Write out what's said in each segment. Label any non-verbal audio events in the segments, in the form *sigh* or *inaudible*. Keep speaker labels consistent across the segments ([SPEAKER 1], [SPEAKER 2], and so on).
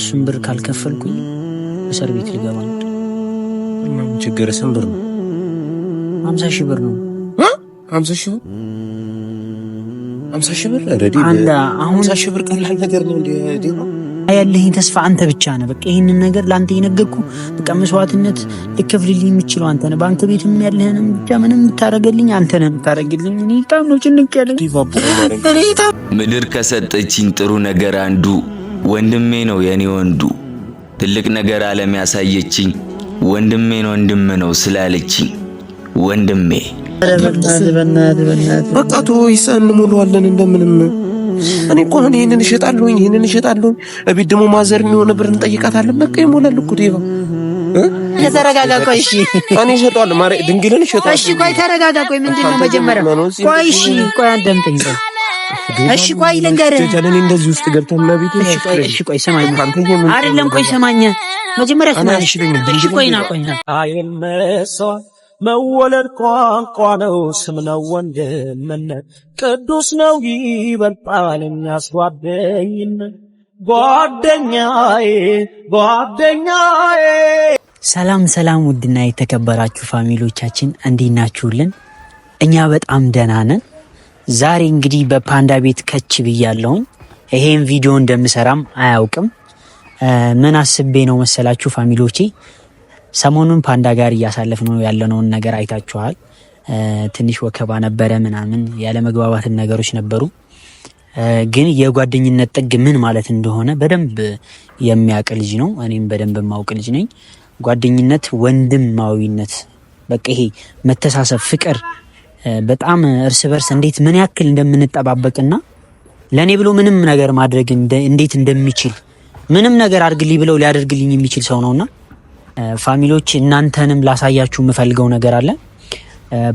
[SPEAKER 1] እሱን ብር ካልከፈልኩኝ እስር ቤት ልገባ ነው።
[SPEAKER 2] ችግር ስም ብር ነው።
[SPEAKER 1] ሀምሳ ሺህ ብር ነው።
[SPEAKER 2] ሀምሳ ሺህ ብር ሀምሳ ሺህ ብር ረዲ ሀምሳ ሺህ ብር ቀላል ነገር ነው እንዲ
[SPEAKER 1] ያለኝ ተስፋ አንተ ብቻ ነህ። በቃ ይህንን ነገር ለአንተ የነገርኩ በቃ መስዋዕትነት ልከፍልልኝ የምችለው አንተ ነህ። በአንተ ቤትም ያለህንም ብቻ ምንም የምታደርግልኝ አንተ ነህ የምታደርግልኝ። እኔ በጣም ነው ጭንቅ
[SPEAKER 2] ያለ።
[SPEAKER 3] ምድር ከሰጠችኝ ጥሩ ነገር አንዱ ወንድሜ ነው የኔ ወንዱ ትልቅ ነገር ዓለም ያሳየችኝ ወንድሜን ወንድም ነው ስላለችኝ ወንድሜ
[SPEAKER 1] በቃ ተወይ እንሞላዋለን እንደምንም እኔ እኮ አሁን ይህንን እሸጣለሁ ይህንን እሸጣለሁ እቤት ደግሞ ማዘርን የሆነ ብር እንጠይቃታለን በቃ ይሞላል እኮ ዴባ ተረጋጋ ቆይ እሺ እኔ እሸጠዋለሁ ድንግልን እሸጠዋለሁ እሺ ቆይ ተረጋጋ ቆይ ምንድን ነው መጀመሪያ ቆይ እሺ ቆይ አንደምጠኝ እሺ ቆይ ልንገርህ፣ ጨጨነን እንደዚህ ውስጥ ገብተን መብት ነው። እሺ ቆይ ሰማኝ፣ አይደለም ቆይ ሰማኝ፣ መጀመሪያ ሰማኝ። እሺ ቆይ ና ቆይ ና። መወለድ ቋንቋ ነው፣ ስም ነው፣ ወንድምነት ቅዱስ ነው፣ ይበልጣል እኛስ ጓደኝነት። ጓደኛዬ ጓደኛዬ። ሰላም ሰላም፣ ውድና የተከበራችሁ ፋሚሊዎቻችን እንዴት ናችሁልን? እኛ በጣም ደህና ነን። ዛሬ እንግዲህ በፓንዳ ቤት ከች ብያለሁኝ። ይሄን ቪዲዮ እንደምሰራም አያውቅም። ምን አስቤ ነው መሰላችሁ ፋሚሊዎቼ፣ ሰሞኑን ፓንዳ ጋር ነው ያለነውን ነገር አይታችኋል። ትንሽ ወከባ ነበረ ምናምን፣ ያለመግባባትን ነገሮች ነበሩ። ግን የጓደኝነት ጥግ ምን ማለት እንደሆነ በደንብ የሚያውቅ ልጅ ነው። እኔም በደንብ የማውቅ ልጅ ነኝ። ጓደኝነት ወንድማዊነት፣ በቃ ይሄ መተሳሰብ፣ ፍቅር በጣም እርስ በርስ እንዴት ምን ያክል እንደምንጠባበቅና ለእኔ ብሎ ምንም ነገር ማድረግ እንዴት እንደሚችል ምንም ነገር አድርግልኝ ብለው ሊያደርግልኝ የሚችል ሰው ነውና ፋሚሊዎች እናንተንም ላሳያችሁ የምፈልገው ነገር አለ።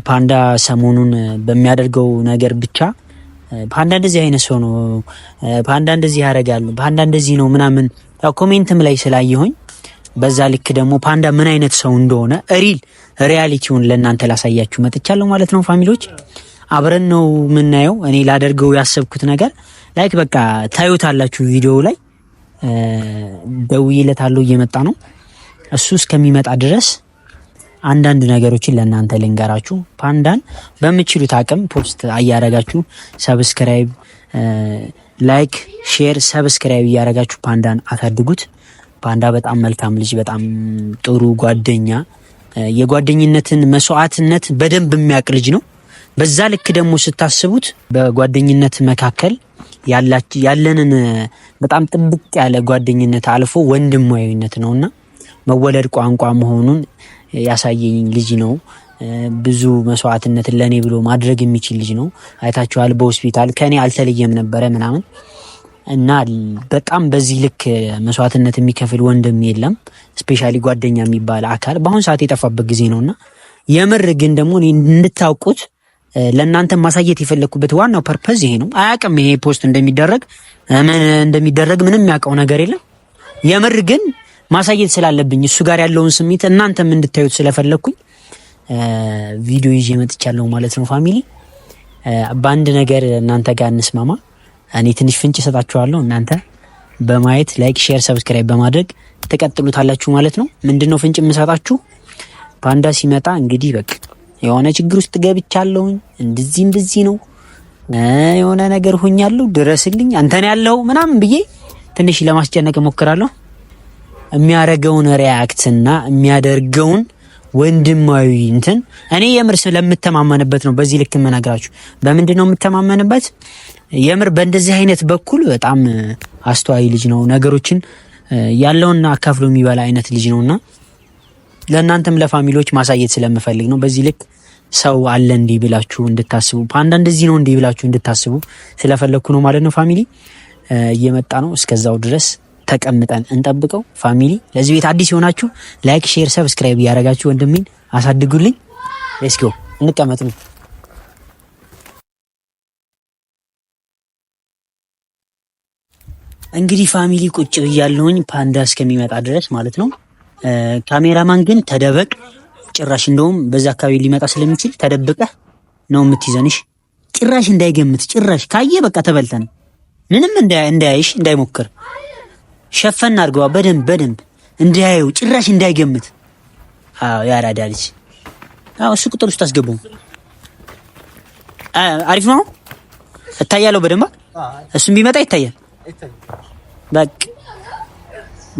[SPEAKER 1] ፓንዳ ሰሞኑን በሚያደርገው ነገር ብቻ ፓንዳ እንደዚህ አይነት ሰው ነው፣ ፓንዳ እንደዚህ ያደርጋል፣ ፓንዳ እንደዚህ ነው ምናምን ኮሜንትም ላይ ስላየሆኝ በዛ ልክ ደግሞ ፓንዳ ምን አይነት ሰው እንደሆነ ሪል ሪያሊቲውን ለእናንተ ላሳያችሁ መጥቻለሁ ማለት ነው ፋሚሊዎች አብረን ነው የምናየው። እኔ ላደርገው ያሰብኩት ነገር ላይክ በቃ ታዩታላችሁ። ቪዲዮ ላይ አለው እየመጣ ነው። እሱ እስከሚመጣ ድረስ አንዳንድ ነገሮችን ለእናንተ ልንገራችሁ። ፓንዳን በምችሉት አቅም ፖስት እያረጋችሁ ሰብስክራይብ፣ ላይክ፣ ሼር፣ ሰብስክራይብ እያረጋችሁ ፓንዳን አሳድጉት። ፓንዳ በጣም መልካም ልጅ፣ በጣም ጥሩ ጓደኛ፣ የጓደኝነትን መስዋዕትነት በደንብ የሚያውቅ ልጅ ነው። በዛ ልክ ደግሞ ስታስቡት በጓደኝነት መካከል ያለንን በጣም ጥብቅ ያለ ጓደኝነት አልፎ ወንድማዊነት ነው እና መወለድ ቋንቋ መሆኑን ያሳየኝ ልጅ ነው። ብዙ መስዋዕትነትን ለእኔ ብሎ ማድረግ የሚችል ልጅ ነው። አይታችኋል፣ በሆስፒታል ከእኔ አልተለየም ነበረ ምናምን እና በጣም በዚህ ልክ መስዋዕትነት የሚከፍል ወንድም የለም። ስፔሻሊ ጓደኛ የሚባል አካል በአሁኑ ሰዓት የጠፋበት ጊዜ ነው እና የምር ግን ደግሞ እንድታውቁት ለእናንተ ማሳየት የፈለግኩበት ዋናው ፐርፐዝ ይሄ ነው። አያውቅም ይሄ ፖስት እንደሚደረግ ምን እንደሚደረግ ምንም ያውቀው ነገር የለም። የምር ግን ማሳየት ስላለብኝ እሱ ጋር ያለውን ስሜት እናንተም እንድታዩት ስለፈለግኩኝ ቪዲዮ ይዤ መጥቻለሁ ማለት ነው። ፋሚሊ በአንድ ነገር እናንተ ጋር እንስማማ። እኔ ትንሽ ፍንጭ እሰጣችኋለሁ። እናንተ በማየት ላይክ፣ ሼር፣ ሰብስክራይብ በማድረግ ትቀጥሉታላችሁ ማለት ነው። ምንድነው ፍንጭ የምሰጣችሁ? ፓንዳ ሲመጣ እንግዲህ በቃ የሆነ ችግር ውስጥ ገብቻለሁኝ እንድዚህ እንደዚህ ነው የሆነ ነገር ሆኛለሁ ድረስልኝ አንተን ያለው ምናምን ብዬ ትንሽ ለማስጨነቅ እሞክራለሁ። የሚያደርገውን ሪያክትና የሚያደርገውን ወንድማዊ እንትን እኔ የምር ስለምተማመንበት ነው። በዚህ ልክ የምነግራችሁ በምንድን ነው የምተማመንበት? የምር በእንደዚህ አይነት በኩል በጣም አስተዋይ ልጅ ነው። ነገሮችን ያለውና አካፍሎ የሚበላ አይነት ልጅ ነውና ለእናንተም ለፋሚሊዎች ማሳየት ስለምፈልግ ነው። በዚህ ልክ ሰው አለ እንዲህ ብላችሁ እንድታስቡ፣ ፓንዳ እንደዚህ ነው እንዲህ ብላችሁ እንድታስቡ ስለፈለግኩ ነው ማለት ነው። ፋሚሊ እየመጣ ነው። እስከዛው ድረስ ተቀምጠን እንጠብቀው። ፋሚሊ ለዚህ ቤት አዲስ የሆናችሁ ላይክ፣ ሼር፣ ሰብስክራይብ እያደረጋችሁ ወንድሜን አሳድጉልኝ። ጎ እንቀመጥ ነው እንግዲህ ፋሚሊ ቁጭ ብያለሁኝ ፓንዳ እስከሚመጣ ድረስ ማለት ነው። ካሜራማን ግን ተደበቅ፣ ጭራሽ እንደውም በዛ አካባቢ ሊመጣ ስለሚችል ተደብቀህ ነው የምትይዘንሽ። ጭራሽ እንዳይገምት፣ ጭራሽ ካየ በቃ ተበልተን ምንም እንዳያይሽ እንዳይሞክር ሸፈን አድርገዋ በደንብ በደንብ እንዳያየው፣ ጭራሽ እንዳይገምት። አዎ ያራዳ ልጅ። አዎ እሱ ቁጥር ውስጥ አስገቡም። አሪፍ ነው። እታያለሁ በደንብ እሱም ቢመጣ ይታያል። በቃ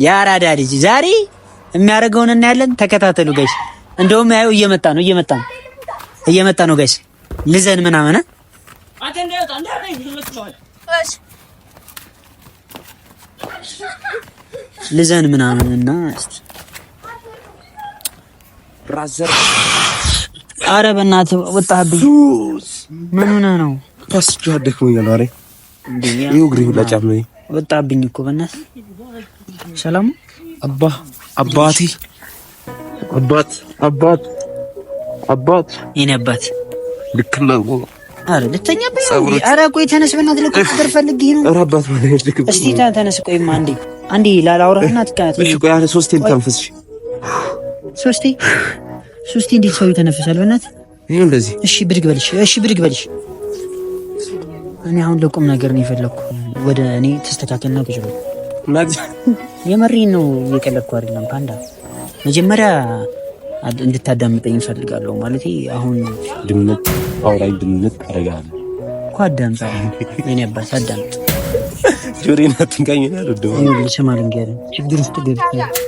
[SPEAKER 1] የአራዳ ልጅ ዛሬ የሚያደርገውን እናያለን። ተከታተሉ ጋይስ። እንደውም ያው እየመጣ ነው እየመጣ ነው እየመጣ ነው ጋይስ። ልዘን ምናምን ልዘን ምናምን እና ራዘር አረ በእናትህ ወጣህብኝ። ምን ሆነህ ነው? ታስጆ አደክሞኛል። ይኸው እግሬ ሁላ ጫማ ወጣብኝ እኮ በእናትህ። ሰላም አባ አባቴ አባት አባት አባት የኔ አባት ልክ ነው። አረ ልተኛብኝ። አረ ቆይ ተነስ በእናትህ። ልክ ቁጥር ፈልግ ይሄ ነው። አረ አባት ማለት ልክ እስቲ ተነስ። ቆይማ አንዴ አንዴ ላላውራህና ትካት። እሺ ቆይ አረ ሶስቴን ተንፈስሽ ሶስቴ ሶስቴ እንዴት ሰው ይተነፍሳል በእናትህ? ይሄ እንደዚህ። እሺ ብድግ በልሽ። እሺ ብድግ በልሽ እኔ አሁን ለቁም ነገር ነው የፈለግኩ። ወደ እኔ ተስተካከልና ቁጭ ብሎ የመሪን ነው እየቀለድኩ አይደለም። ፓንዳ መጀመሪያ እንድታዳምጠኝ እፈልጋለሁ። ማለት አሁን ድምጥ አውራኝ ድምጥ አደርጋለሁ እኮ አዳምጣ። እኔ አባት አዳምጥ። ጆሮዬን አትንካኝ። ችግር ውስጥ ገብተህ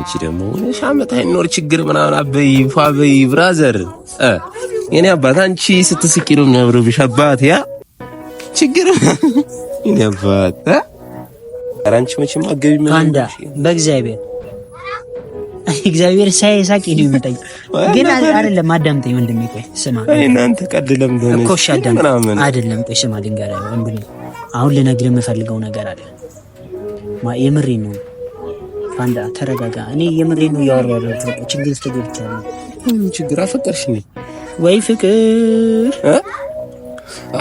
[SPEAKER 1] እቺ ደግሞ ሻመት አይኖር ችግር ምናምን አበይ ፏበይ ብራዘር የኔ አባት አንቺ ስትስቂ ነው የሚያምርብሽ አባት ያ ችግር ይነፋት አራንቺ መቼም አገቢ ካንዳ በእግዚአብሔር እግዚአብሔር ሳይ ሳቅ ሄዶ ይመጣኝ ግን አይደለም። አዳምጠኝ ወንድሜ፣ ቆይ ስማ። እናንተ ቀድለም ደሆነ እኮ እሺ፣ አዳምጠኝ። አይደለም፣ ቆይ ስማ፣ ልንገርህ ወንድሜ፣ አሁን ልነግርህ የምፈልገው ነገር አለ። ማ የምሬ ነው። ካንዳ ተረጋጋ። እኔ የምሬ ነው እያወራሁ ያለሁት ችግር ስትገብቻለሁ። ችግር አፈቀርሽኝ ወይ ፍቅር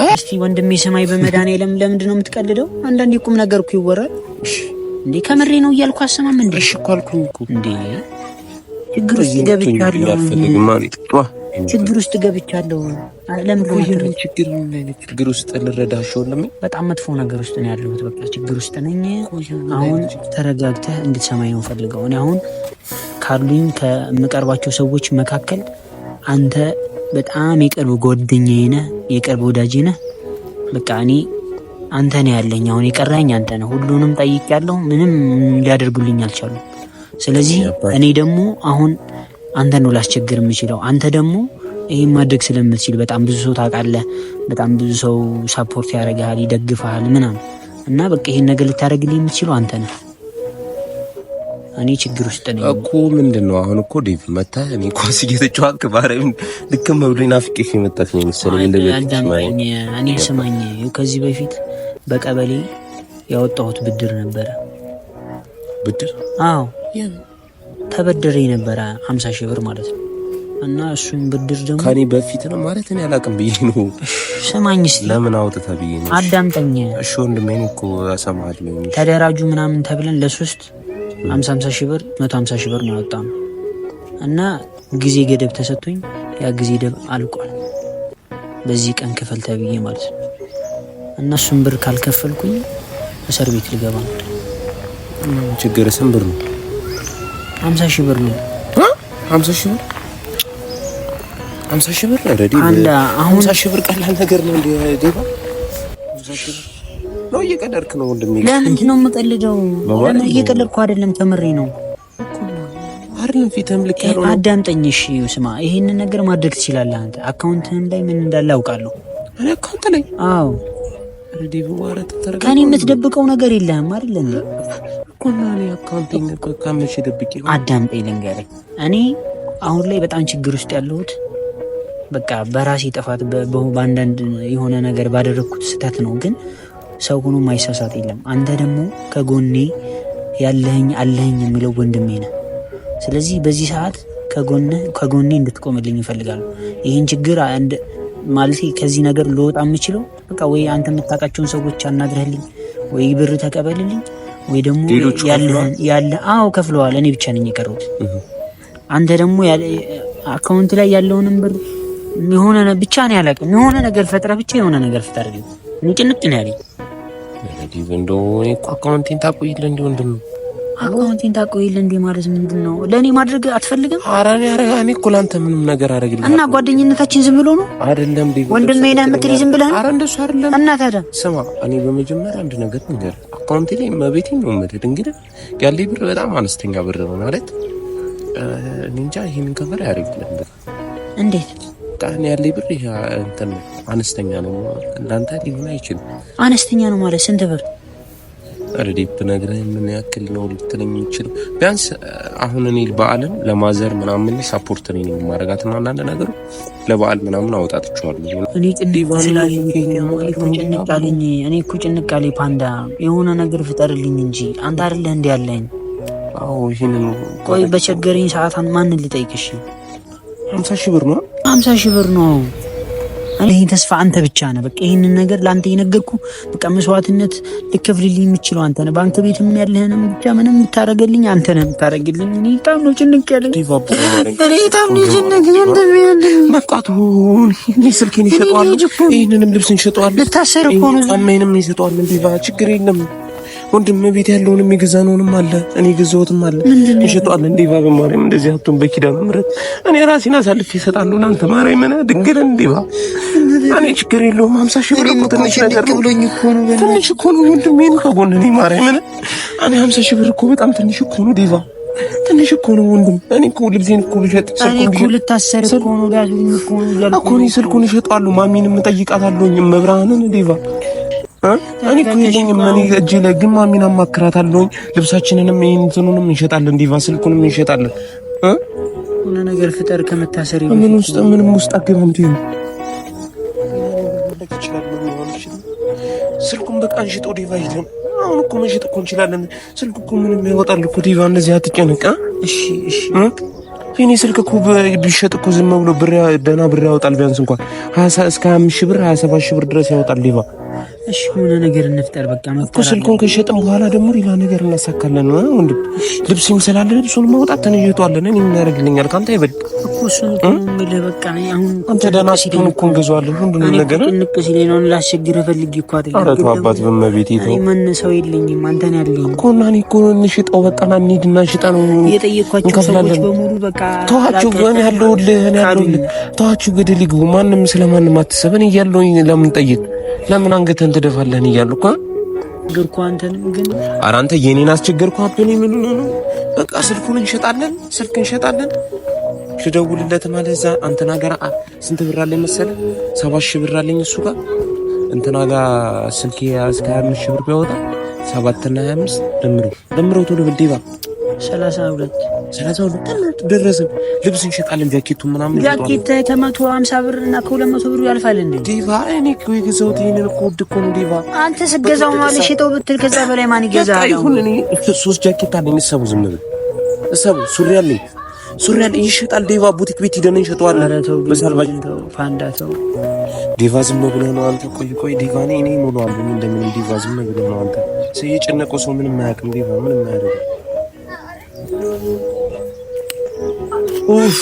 [SPEAKER 1] እስቲ ወንድሜ ሰማይ በመድኃኒዓለም ለምንድን ነው የምትቀልደው? አንዳንድ ቁም ነገር እኮ ይወራል እንዴ። ከምሬ ነው እያልኩ አሰማም እንዴ። እሺ እኮ አልኩኝ እኮ እንዴ። ችግር ውስጥ ገብቻለሁ። ችግር ውስጥ ገብቻለሁ። ለምንድን ነው ይሄን ችግር ችግር ውስጥ ልረዳሽ? ወለም በጣም መጥፎ ነገር ውስጥ ነው ያለሁት። በቃ ችግር ውስጥ ነኝ። አሁን ተረጋግተህ እንድትሰማኝ ነው ፈልገው። እኔ አሁን ካሉኝ ከምቀርባቸው ሰዎች መካከል አንተ በጣም የቅርብ ጓደኛዬ ነህ፣ የቅርብ ወዳጅ ነህ። በቃ እኔ አንተ ነው ያለኝ፣ አሁን የቀረኝ አንተ ነው። ሁሉንም ጠይቄያለሁ፣ ምንም ሊያደርጉልኝ አልቻሉም። ስለዚህ እኔ ደግሞ አሁን አንተ ነው ላስቸግር የምችለው። አንተ ደግሞ ይህን ማድረግ ስለምትችል በጣም ብዙ ሰው ታውቃለህ፣ በጣም ብዙ ሰው ሳፖርት ያደርግሃል፣ ይደግፋል ምናምን እና በቃ ይህን ነገር ልታደርግልኝ የምትችለው አንተ ነው እኔ ችግር ውስጥ ነኝ እኮ። ምንድን ነው አሁን? እኮ ዴቭ መታ እኔ ኳስ እየተጫወትክ ባረም ልክም ብሎኝ ናፍቄሽ የመጣሽ ነው መሰለኝ። እንደ እኔ ስማኝ፣ ከዚህ በፊት በቀበሌ ያወጣሁት ብድር ነበረ። ብድር? አዎ ተበድሬ ነበረ ሀምሳ ሺህ ብር ማለት ነው። እና እሱን ብድር ደግሞ ከኔ በፊት ነው ማለት እኔ አላውቅም ብዬ ነው። ስማኝ እስኪ ለምን አውጥተህ ብዬ ነው። አዳምጠኝ እሺ። ወንድሜን እኮ ሰማሃል። ተደራጁ ምናምን ተብለን ለሶስት ሀምሳ ሀምሳ ሺህ ብር መቶ ሀምሳ ሺህ ብር ነው ያወጣ ነው እና ጊዜ ገደብ ተሰጥቶኝ ያ ጊዜ ደብ አልቋል። በዚህ ቀን ክፈል ተብዬ ማለት ነው። እነሱን ብር ካልከፈልኩኝ እስር ቤት ልገባ ነው። ችግር ስም ብር ነው፣ ሀምሳ ሺህ ብር ነው። ሀምሳ ሺህ ብር ሀምሳ ሺህ ብር ቀላል ነገር ነው። ዴባ ብር ነው እየቀለድክ ነው ወንድሜ? ለምንድን ነው የምቀልደው? እየቀለድኩ አይደለም፣ ተምሬ ነው አይደለም። ፊትህም ልክ ያለው አዳምጠኝ። እሺ ስማ፣ ይሄንን ነገር ማድረግ ትችላለህ አንተ። አካውንትህም ላይ ምን እንዳለ አውቃለሁ። እኔ አካውንት ላይ? አዎ። ከእኔ የምትደብቀው ነገር የለህም አይደል እንዴ? አዳምጠኝ ልንገርህ። እኔ አሁን ላይ በጣም ችግር ውስጥ ያለሁት በቃ በራሴ ጥፋት በአንዳንድ የሆነ ነገር ባደረግኩት ስህተት ነው ግን ሰው ሆኖ ማይሳሳት የለም። አንተ ደግሞ ከጎኔ ያለህኝ አለህኝ የሚለው ወንድሜ ነህ። ስለዚህ በዚህ ሰዓት ከጎኔ እንድትቆምልኝ ይፈልጋሉ። ይህን ችግር ማለት ከዚህ ነገር ልወጣ የምችለው በቃ ወይ አንተ የምታውቃቸውን ሰዎች አናግረህልኝ፣ ወይ ብር ተቀበልልኝ፣ ወይ ደግሞ ያለ አዎ ከፍለዋል። እኔ ብቻ ነኝ የቀረሁት። አንተ ደግሞ አካውንት ላይ ያለውንም ብር የሆነ ብቻ ነው ያላቀ የሆነ ነገር ፈጥረ ብቻ የሆነ ነገር ፍጠር። ጭንቅ ነው ያለኝ። እንግዲህ እንደው እኔ እኮ አካውንቴን ታቆይልህ እንዴ ወንድም፣ አካውንቴን ታቆይልህ እንዴ ማለት ምንድን ነው? ለእኔ ማድረግ አትፈልግም? ኧረ እኔ እኮ ለአንተ ምንም ነገር አደረግልህ እና ጓደኝነታችን ዝም ብሎ ነው አይደለም? ወንድሜ ነህ የምትል ዝም ብለህ አረ እንደሱ አይደለም። እና ታዲያ ስማ፣ እኔ በመጀመሪያ አንድ ነገር ንገር፣ አካውንቴ ላይ መቤቴ ነው መደድ እንግዲህ ያለ ብር በጣም አነስተኛ ብር ነው ማለት እንጃ፣ ይህንን ከበር ያደርግልህ እንዴት በቃ እኔ ያለኝ ብር እንትን አነስተኛ ነው፣ እንዳንተ ሊሆን አይችልም። አነስተኛ ነው ማለት ስንት ብር ረዴት ብነግረህ ምን ያክል ነው ልትለኝ ይችል? ቢያንስ አሁን እኔ በዓልን ለማዘር ምናምን ሳፖርት ነው የማረጋት ነው። አንዳንድ ነገሩ ለበዓል ምናምን አወጣጥቸዋለሁ። እኔ እኮ ጭንቅ አለኝ ፓንዳ፣ የሆነ ነገር ፍጠርልኝ እንጂ አንተ አይደለህ እንዲ ያለኝ። ቆይ በቸገረኝ ሰዓት ማንን ልጠይቅሽ? ሀምሳ ሺህ ብር ነው ሀምሳ ሺህ ብር ነው። ይህ ተስፋ አንተ ብቻ ነህ። በቃ ይህንን ነገር ለአንተ የነገርኩ በቃ መስዋዕትነት ልከፍልልኝ የምችለው አንተ ነህ። በአንተ ቤትም ያለህንም ብቻ ምንም የምታደርግልኝ አንተ ነህ የምታደርግልኝ። እኔ በጣም ነው ጭንቅ ያለኝ፣ እኔ በጣም ነው ጭንቅ ያለኝ። መጥቃቱ ስልኬን ይሸጠዋል፣ ይህንንም ልብስ እንሸጠዋል። ልታሰር እኮ ነው። ጫማዬንም ይሸጠዋል። ችግር የለም ወንድም ቤት ያለውን ያለውንም የገዛነውንም አለ እኔ ገዛሁትም አለ ይሸጠዋል። እንዴ ባብ ማርያም እንደዚህ አትሁን። በኪዳነ ምሕረት እኔ ራሴን አሳልፌ እሰጣለሁ። እናንተ ማርያም እና ድንግል እንዴ ባ እኔ ችግር የለውም። ሀምሳ ሺህ ብር እኮ ትንሽ ነገር ነው፣ ትንሽ እኮ ነው ወንድሜ ከጎን እኔ ማርያም እና እኔ ሀምሳ ሺህ ብር እኮ በጣም ትንሽ እኮ ነው ዴቫ ትንሽ እኮ ነው ወንድም። እኔ እኮ ልብሴን እኮ ልሸጥ ነው ነው እኮ እኮ ልታሰር ስልኩን እሸጠዋለሁ። ማሚንም እጠይቃታለሁ መብራንን ዴቫ እኔ እኮ የለኝም። እኔ እጄ ላይ ግን ማሚን አማክራታለሁኝ። ልብሳችንንም እንትኑንም እንሸጣለን፣ ዲቫ ስልኩንም እንሸጣለን። ሆነ ነገር ፍጠር። ከመታሰሪ ምን ውስጥ ምንም ውስጥ አገባም። ትይዩ ስልኩን በቃ እንሽጠው። ዲቫ ይዘን አሁን እኮ መሸጥ እኮ እንችላለን። ስልኩ እኮ ምንም ያወጣል እኮ ዲቫ። እንደዚህ አትጨነቅ። እሺ፣ እሺ። የኔ ስልክ እኮ ቢሸጥ እኮ ዝም ብሎ ብር ደህና ብር ያወጣል። ቢያንስ እንኳን እስከ 25 ሺህ ብር 27 ሺህ ብር ድረስ ያወጣል ዲቫ እሺ የሆነ ነገር እንፍጠር። በቃ እኮ ስልኩን ከሸጠን በኋላ ደግሞ ሌላ ነገር እናሳካለን። ወንድም ልብስም ስላለ ልብሱን ማውጣት ተነየቷለን። እኔ ምን ያደርግልኛል? ከአንተ አይበልጥ እኮ አንተ ደህና ስትሆን እኮ እንገዛዋለን። ነገር ንቅ ሲለኝ ነው ላስቸግርህ ፈልጌ እኮ አይደለም። ኧረ ተው አባት በመቤት ተው። ማን ሰው የለኝም አንተ ያለኝ እኮ እና እኔ እኮ እንሽጠው በቃ ና እንሂድ እና ሽጣ ነው የጠየኳቸው በሙሉ በቃ እኔ ያለሁልህ እኔ ያለሁልህ ተዋችሁ። ገደል ይግቡ። ማንም ስለማንም አትሰበን እያለሁኝ ለምን ጠይቅ ለምን አንገተን ትደፋለህን እያሉ እኮ ነገርኩ። አንተንም ግን ኧረ አንተ የኔን አስቸገርኩ። አብዱን ምን ነው ነው በቃ ስልኩን እንሸጣለን፣ ስልክ እንሸጣለን። ሽደውልለት ማለት እዛ አንተና ጋር ስንት ብር አለኝ መሰለ ሰባት ሺህ ብር አለኝ እሱ ጋር እንትና ጋር ስልክ እስከ 25 ሺህ ብር ቢያወጣ ሰባት እና 25 ደምረው ደምረው ቶሎ ብልዴባ 32 ስለዚህ ሁሉ ደረሰ። ልብስ እንሸጣለን፣ ጃኬቱ ምናምን ጃኬት ከመቶ ሀምሳ ብር እና ከሁለት መቶ ብር ያልፋል። እንዴ ዲቫ፣ እኔ እኮ የገዛሁት ይሄንን እኮ ውድ እኮ ነው ዲቫ። አንተ ስትገዛው ማለት ሽጠው ብትል ከዛ በላይ ማን ይገዛል? ይሁን እኔ ሶስት ጃኬት አለኝ። እሰቡ፣ ዝም ብለህ እሰቡ። ሱሪ አለኝ፣ ሱሪ አለኝ፣ ይሸጣል። ዲቫ ቡቲክ ቤት ሂደን እንሸጠዋለን በሳልባጅ ፋንዳ። ተው ዲቫ፣ ዝም ብለህ ነው አንተ። ቆይ ቆይ ዲቫ፣ እኔ እኔ ሙሉ አልበም እንደምንም ዲቫ፣ ዝም ብለህ ነው አንተ። ሰው የጨነቀው ሰው ምንም አያውቅም ዲቫ፣ ምንም አያደርግም Uf.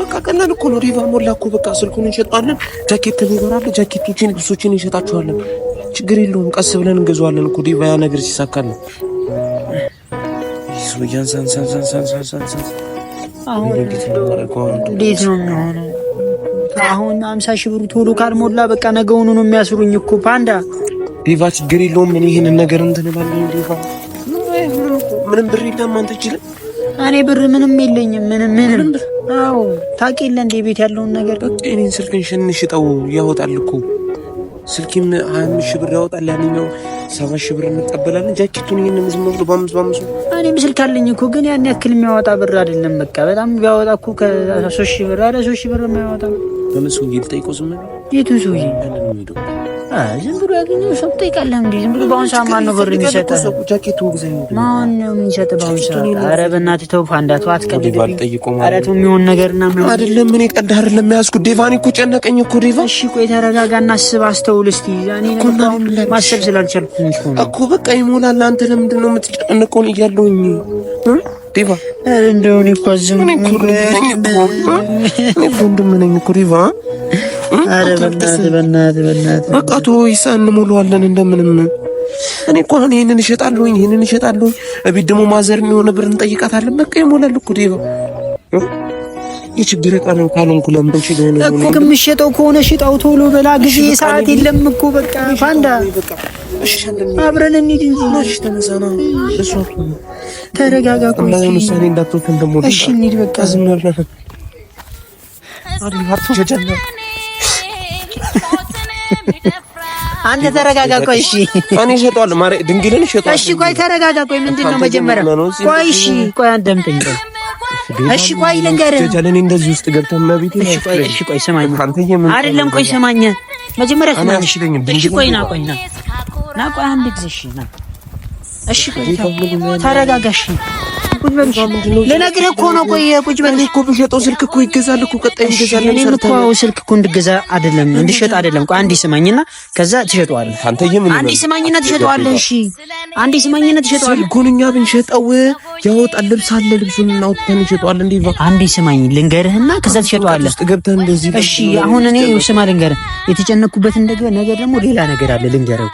[SPEAKER 1] በቃ ቀላል እኮ ነው። ሪቫ ሞላ እኮ በቃ ስልኩን እንሸጣለን፣ ጃኬት ይበራል፣ ጃኬቶችን ልብሶችን እንሸጣቸዋለን። ችግር የለውም። ቀስ ብለን እንገዛዋለን እኮ ሪቫ። ያ ነገር ሲሳካል ነው አሁን አምሳ ሺህ ብሩ ቶሎ ካልሞላ በቃ ነገውኑ ነው የሚያስሩኝ እኮ ፓንዳ። ሪቫ ችግር የለውም። እኔ ይህንን ነገር እንትን ሪቫ ምንም ብር የለም። አንተ ይችላል እኔ ብር ምንም የለኝም። ምንም ምንም ብር አዎ፣ ታውቂ የለ እንደ ቤት ያለውን ነገር በቃ እኔን ስልክን ሽንሽጠው ያወጣል እኮ ስልኪም ሀያ አምስት ሺህ ብር ያወጣል። ያንኛው ሰባት ሺህ ብር እንቀበላለን። ጃኬቱን ይህን ዝም ብሎ በአምስት በአምስት እኔም ስልክ አለኝ እኮ ግን ያን ያክል የሚያወጣ ብር አይደለም። በቃ በጣም ቢያወጣ እኮ ከሶስት ሺህ ብር አለ ሶስት ሺህ ብር የማያወጣ በምን ሰውዬ ልጠይቀው? ዝም የቱ ሰውዬ ዝም ብሎ ያገኘው ሰው ትጠይቃለህ እንዴ? ዝም ብሎ በአሁን ሰዓት ማን ነው ብር የሚሰጠው? ማን ነው የሚሰጥ በአሁን ሰዓት? ኧረ በእናትህ ተው፣ ፋንዳቱ አትቀልድ። ኧረ ተው፣ የሚሆን ነገር እና የሚሆን አይደለም። እኔ ቀልድ አይደለም የያዝኩት። ዴቫኒ እኮ ጨነቀኝ እኮ ዴቫ። እሺ ቆይ ተረጋጋ እና አስብ፣ አስተውል እስኪ። ማሰብ ስላልቻልኩኝ እኮ በቃ ይሞላል። አንተ ለምንድን ነው የምትጨነቀውን እኔ እያለሁኝ ዴቫ እንደው እኔ እኮ ዝም ብሎ ወንድምህ ነኝ እኮ ዴቫ በቃ ተወው፣ ይሳን እንሞላዋለን እንደምንም። እኔ እኮ አሁን ይህንን እሸጣለሁ ይህንን እሸጣለሁ እቤት ደግሞ ማዘር የሆነ ብር እንጠይቃታለን። በቃ ይሞላል እኮ የችግር ዕቃ ነው ካልሆንኩ ለምን ችግር ነው እኮ ከምሸጠው ከሆነ ሽጣው ቶሎ በላ ጊዜ ሰዓት የለም እኮ በቃ ፋንዳ አብረን እንሂድ እንጂ ተነሳና እሱ ተረጋጋ እኮ እሺ እንሂድ በቃ ዝም ብለህ አንተ ተረጋጋ። ቆይ እሺ፣ እኔ እሸጠዋለሁ። ማርያም ድንግልን እሸጠዋለሁ። እሺ፣ ቆይ ተረጋጋ። ቆይ ምንድን ነው መጀመሪያ? ቆይ እሺ፣ ቆይ አንደምጥኝ። ቆይ እሺ፣ ቆይ ልንገርህ። እኔ እንደዚህ ውስጥ ገብተህ መቤቴ። እሺ፣ ቆይ እሺ ቆይ፣ ስማኝ። አይደለም፣ ቆይ ስማኝ። መጀመሪያ ስማኝ። እሺ፣ ቆይ ና፣ ቆይ ና፣ ና፣ ቆይ አንድ ጊዜ። እሺ፣ ና፣ እሺ፣ ቆይ ተረጋጋ። እሺ ልነግርህ እኮ ነው። ቆይ ቁጭ በል እኮ ብሸጠው ስልክ እኮ ይገዛል እኮ ቀጣይ ይገዛል። እኔም እኮ ስልክ እኮ እንድገዛ አይደለም እንድሸጥ አይደለም። ቆይ አንዴ ስማኝና ከዛ ትሸጠዋለህ። አንዴ ስማኝና ትሸጠዋለህ። እሺ አንዴ ስማኝና ትሸጠዋለህ። ስልኩን እኛ ብንሸጠው ያወጣል። ልብስ አለ ልብሱን እናውጥተን ይሸጠዋል። እንዴ አንዴ ስማኝ ልንገርህና ከዛ ትሸጠዋለህ። እሺ አሁን እኔ ስማ ልንገርህ፣ የተጨነኩበት ነገር ደግሞ ሌላ ነገር አለ ልንገርህ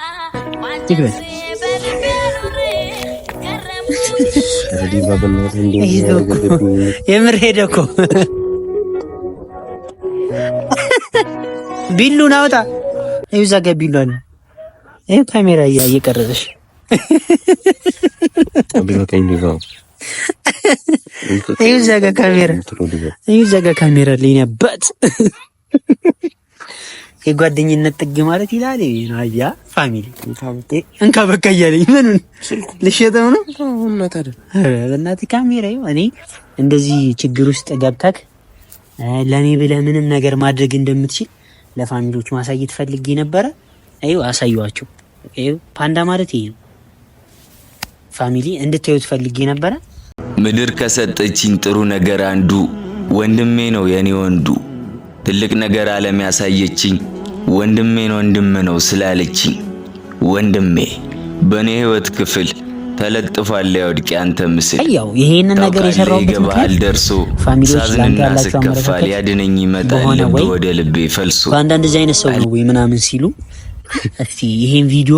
[SPEAKER 1] ይግበል የምር ሄደ እኮ ቢሉን አውጣ። እዛ ጋ ቢሉ አለ። ይህ ካሜራ እየቀረጸሽ ይህ እዛ ጋ ካሜራ ይህ እዛ ጋ ካሜራ የጓደኝነት ጥግ ማለት ይላል ነው። አያ ፋሚሊ እንካ በቃ እያለኝ ምኑን ልሸጠው ነው። በእናትህ ካሜራ እኔ እንደዚህ ችግር ውስጥ ገብተክ ለእኔ ብለህ ምንም ነገር ማድረግ እንደምትችል ለፋሚሊዎች ማሳየት ፈልጌ ነበረ። ይ አሳየኋቸው። ፓንዳ ማለት ይሄ ፋሚሊ እንድታዩት ፈልጌ ነበረ። ምድር ከሰጠችኝ ጥሩ ነገር አንዱ ወንድሜ ነው የኔ ወንዱ ትልቅ ነገር ዓለም ያሳየችኝ ወንድሜን ወንድም ነው ስላለችኝ ወንድሜ በእኔ ህይወት ክፍል ተለጥፏል ያውድቅ ያንተ ምስል ያው ይሄንን ነገር የሰራው ምክንያት ደርሶ ሳዝንና ስከፋ ያድነኝ ይመጣል ልብ ወደ ልቤ ፈልሶ በአንዳንድ እዚህ አይነት ሰው ነው ወይ ምናምን ሲሉ እስቲ ይሄን ቪዲዮ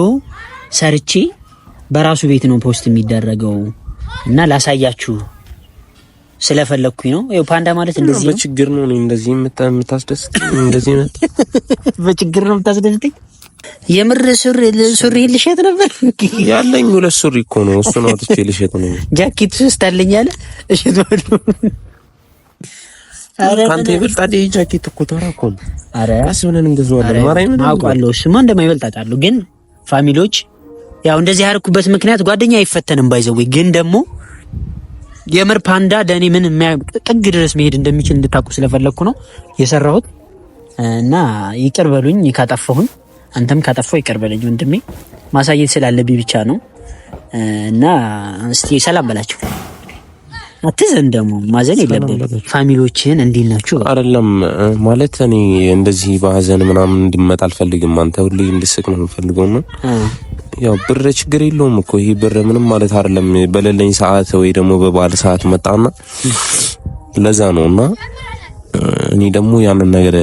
[SPEAKER 1] ሰርቼ በራሱ ቤት ነው ፖስት የሚደረገው እና ላሳያችሁ ስለፈለግኩኝ ነው። ይኸው ፓንዳ ማለት እንደዚህ ነው። በችግር ነው እንደዚህ የምታስደስት እንደዚህ ነው። *laughs* በችግር ነው የምታስደስትኝ። የምር ሱሪ ሱሪ ልሸጥ ነበር *laughs* ያለኝ ሁለት ሱሪ እኮ ነው። እሱ ነው አጥቼ ልሸጥ ነው። ጃኬት ውስጥ አለኝ አለ ነው። ካንተ ጃኬት እኮ ተራ እኮ ነው። አረ አስብነን እንገዛዋለን። ማራይ ምን አውቃለሁ። እሱማ እንደማይበልጥ አውቃለሁ። ግን ፋሚሊዎች ያው እንደዚህ ያደረኩበት ምክንያት ጓደኛ አይፈተንም ባይዘው ግን ደግሞ የምር ፓንዳ ለእኔ ምን ጥግ ድረስ መሄድ እንደሚችል እንድታውቁ ስለፈለግኩ ነው የሰራሁት እና ይቅር በሉኝ ካጠፋሁኝ፣ አንተም ካጠፋው ይቅር በለኝ ወንድሜ። ማሳየት ስላለብኝ ብቻ ነው እና እስቲ ሰላም በላቸው። አትዘን ደግሞ ማዘን የለብን። ፋሚሊዎችህን እንዴት ናችሁ? አይደለም ማለት እኔ እንደዚህ በሀዘን ምናምን እንድመጣ አልፈልግም። አንተ ሁሌ እንድስቅ ነው የምፈልገው። ያው ብር ችግር የለውም እኮ ይሄ ብር ምንም ማለት አይደለም። በሌለኝ ሰዓት ወይ ደግሞ በበዓል ሰዓት መጣና ለዛ ነው እና እኔ ደግሞ ያንን ነገር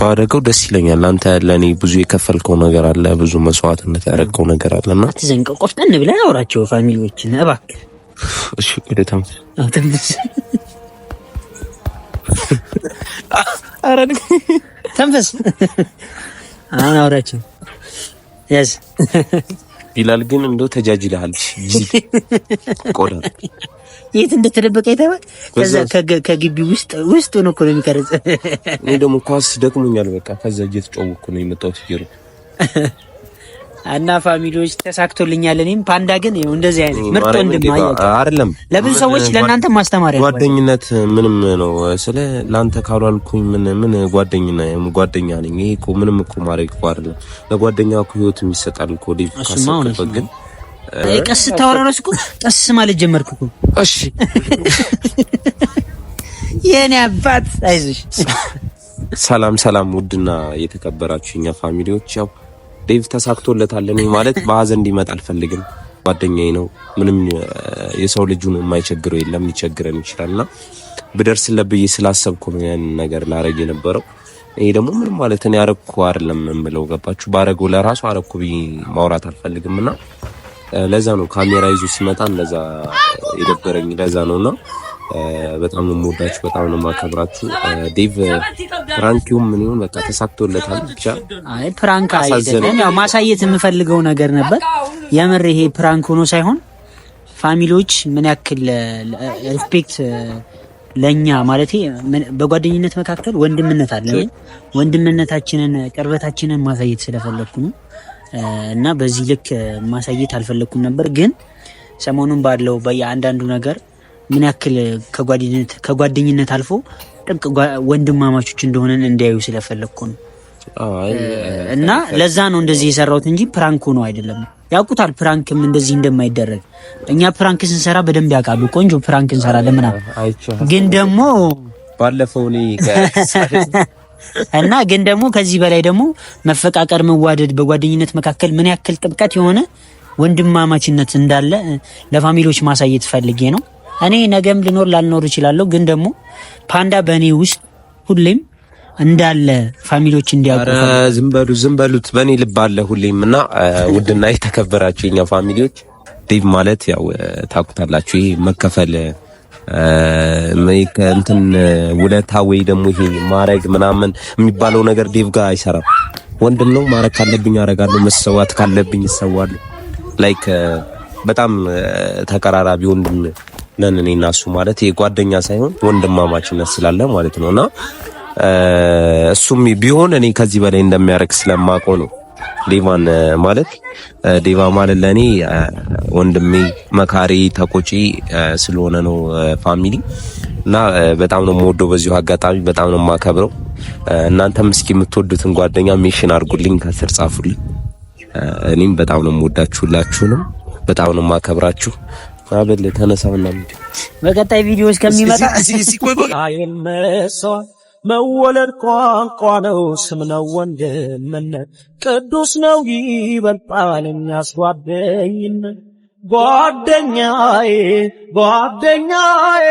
[SPEAKER 1] ባደረገው ደስ ይለኛል። አንተ ለእኔ ብዙ የከፈልከው ነገር አለ፣ ብዙ መስዋዕትነት ያደረግከው ነገር አለና አትዘንቀ ቆፍጠን ብለን አውራቸው ፋሚሊዎችን እባክህ ተንፈስ አሁን አውራችን ያዝ ቢላል ግን እንደው ተጃጅልሃል። ቆዳ የት እንደተደበቀ ይታወቅ። ከዛ ከግቢ ውስጥ ውስጥ ሆኖ እኮ ነው የሚቀርጽ። እኔ ደግሞ ኳስ ደክሞኛል። በቃ ከዛ እየተጫወኩ ነው የመጣሁት። እና ፋሚሊዎች ተሳክቶልኛል። እኔም ፓንዳ ግን እንደዚህ አይነት ምርጥ ወንድም አይደለም። ለብዙ ሰዎች ለእናንተ ማስተማሪያ ጓደኝነት ምንም ነው። ስለ ለአንተ ካሏልኩኝ ምን ምን ጓደኝና ጓደኛ ነኝ። ይሄ እኮ ምንም እኮ ማድረግ እኮ አይደለም። ለጓደኛ እኮ ህይወት የሚሰጣል እኮ ዴቭ ካሰብክበት ግን ቀስ ታወራረስ እኮ ቀስ ማለት ጀመርኩ እኮ። እሺ የኔ አባት አይዞሽ። ሰላም ሰላም፣ ውድና የተከበራችሁ የኛ ፋሚሊዎች ያው ዴቭ ተሳክቶለታል። እኔ ማለት በሀዘን እንዲመጣ አልፈልግም። ጓደኛዬ ነው። ምንም የሰው ልጁን የማይቸግረው የለም። ሊቸግረን ይችላልና ብደርስለት ብዬ ስላሰብኩ ነው ያን ነገር ላረግ የነበረው ይሄ ደግሞ ምንም ማለት እኔ አረኩ አይደለም የምለው ገባችሁ። ባረገው ለራሱ አረኩ ብዬ ማውራት አልፈልግምና ለዛ ነው ካሜራ ይዞ ሲመጣ እንደዛ የደበረኝ ለዛ ነውና በጣም ነው የምወዳችሁ፣ በጣም ነው የማከብራችሁ። ዴቭ ፕራንኪውም ምን ይሁን በቃ ተሳክቶለታል። ብቻ አይ ፕራንክ አይደለም፣ ያው ማሳየት የምፈልገው ነገር ነበር። የምር ይሄ ፕራንክ ሆኖ ሳይሆን ፋሚሊዎች ምን ያክል ሪስፔክት ለኛ ማለት በጓደኝነት መካከል ወንድምነት አለ። ወንድምነታችንን ቅርበታችንን ማሳየት ስለፈለግኩ ነው እና በዚህ ልክ ማሳየት አልፈለግኩም ነበር፣ ግን ሰሞኑን ባለው በየአንዳንዱ ነገር ምን ያክል ከጓደኝነት አልፎ ጥብቅ ወንድማማቾች እንደሆነን እንዲያዩ ስለፈለግኩ ነው። እና ለዛ ነው እንደዚህ የሰራሁት እንጂ ፕራንክ ሆኖ አይደለም። ያውቁታል፣ ፕራንክም እንደዚህ እንደማይደረግ እኛ ፕራንክ ስንሰራ በደንብ ያውቃሉ። ቆንጆ ፕራንክ እንሰራ ለምና ግን ደግሞ ባለፈው *laughs* እና ግን ደግሞ ከዚህ በላይ ደግሞ መፈቃቀር፣ መዋደድ በጓደኝነት መካከል ምን ያክል ጥብቀት የሆነ ወንድማማችነት እንዳለ ለፋሚሊዎች ማሳየት ፈልጌ ነው። እኔ ነገም ልኖር ላልኖር እችላለሁ፣ ግን ደግሞ ፓንዳ በእኔ ውስጥ ሁሌም እንዳለ ፋሚሊዎች እንዲያውቁ ዝም በሉ ዝም በሉት፣ በእኔ ልብ አለ ሁሌም። እና ውድና የተከበራችሁ የኛ ፋሚሊዎች ዴቭ ማለት ያው ታውቁታላችሁ፣ ይሄ መከፈል እንትን ውለታ ወይ ደግሞ ይሄ ማረግ ምናምን የሚባለው ነገር ዴቭ ጋር አይሰራም። ወንድም ነው። ማረግ ካለብኝ አረጋለሁ፣ መሰዋት ካለብኝ እሰዋለሁ። ላይክ በጣም ተቀራራቢ ወንድም ነን እኔ እና እሱ ማለት የጓደኛ ጓደኛ ሳይሆን ወንድማማችነት ስላለ ማለት ነው። እና እሱም ቢሆን እኔ ከዚህ በላይ እንደሚያደርግ ስለማውቀው ነው ዴቫን ማለት ዴቫ ማለት ለእኔ ወንድሜ፣ መካሪ፣ ተቆጪ ስለሆነ ነው ፋሚሊ እና በጣም ነው የምወደው። በዚሁ አጋጣሚ በጣም ነው የማከብረው። እናንተም እስኪ የምትወዱትን ጓደኛ ሜሽን አድርጉልኝ፣ ከስር ጻፉልኝ። እኔም በጣም ነው የምወዳችሁላችሁንም በጣም ነው የማከብራችሁ። አበል ተነሳውና በቀጣይ ቪዲዮ እስከሚመጣ መወለድ ቋንቋ ነው፣ ስም ነው፣ ወንድምነት ቅዱስ ነው ይበልጣል የሚያስጓደኝነት ጓደኛዬ ጓደኛዬ